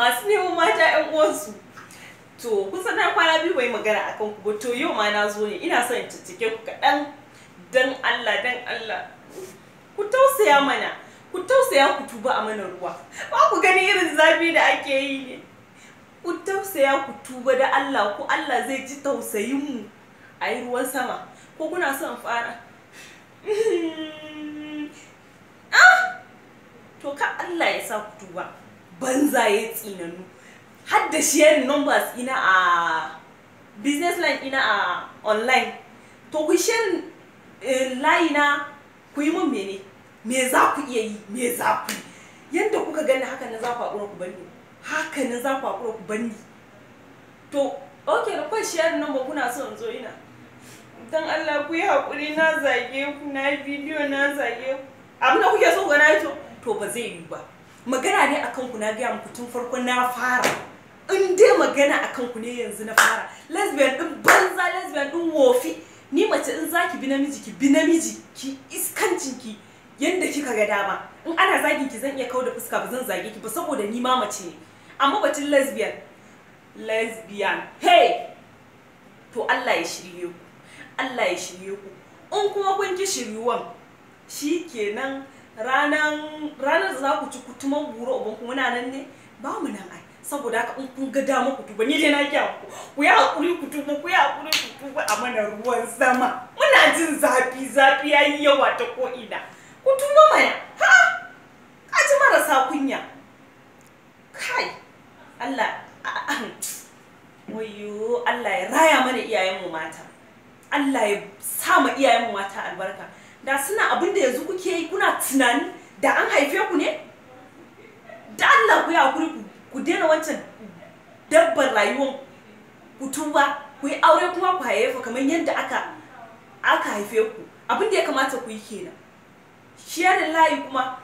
masu neman mata yan uwansu to kun san na kwana biyu bai magana akan ku ba to yau ma na zo ne ina son in ku kaɗan dan Allah dan Allah ku tausaya mana ku tausaya ku tuba a mana ruwa ba ku gani irin zafi da ake yi ne ku tausaya ku tuba da Allah ku Allah zai ji tausayin mu a yi ruwan sama ko kuna son fara ah to ka Allah ya sa ku tuba banzaye tsinanu har da sharing numbers ina a business line ina a online to ku sharing eh, layi na ku yi mun mene me za ku iya yi me za ku yadda kuka gani haka na za ku haƙura ku bani haka na za ku haƙura ku bani to ok da kwan sharing number kuna so in zo ina dan Allah ku yi haƙuri na zage ku na yi bidiyo na zage ku abin da kuke so ku na yi to to ba zai yi ba magana ne akan ku na gaya muku tun farko na fara in dai magana akan ku ne yanzu na fara lesbian din banza lesbian din wofi ni mace in zaki bi namiji ki bi namiji ki iskancin ki yanda kika ga dama in ana zagin ki zan iya kawo da fuska ba zan zage ki ba saboda ni ma mace ne amma batun lesbian lesbian hey to Allah ya shirye ku Allah ya shirye ku in kuma kun ki shiryuwan shikenan ranan ranar za ku ci kutuman goro uban ku muna nan ne ba mu nan ai saboda haka in kun ga dama ku tuba ni dai na kiya ku ku yi hakuri ku tuba ku yi hakuri ku tuba a mana ruwan sama muna jin zafi zafi yayi yawa ta ko ina ku tuba mana ha a ji marasa kunya kai Allah wayo Allah ya raya mana iyayenmu mata Allah ya sa mu iyayenmu mata albarka da suna abin da yanzu kuke yi kuna tunani da an haife ku ne da Allah ku ya kuri ku daina wancan dabbar rayuwar ku tuba ku yi aure kuma ku haife kamar yadda aka aka haife ku abin da ya kamata ku yi kenan sharing layi kuma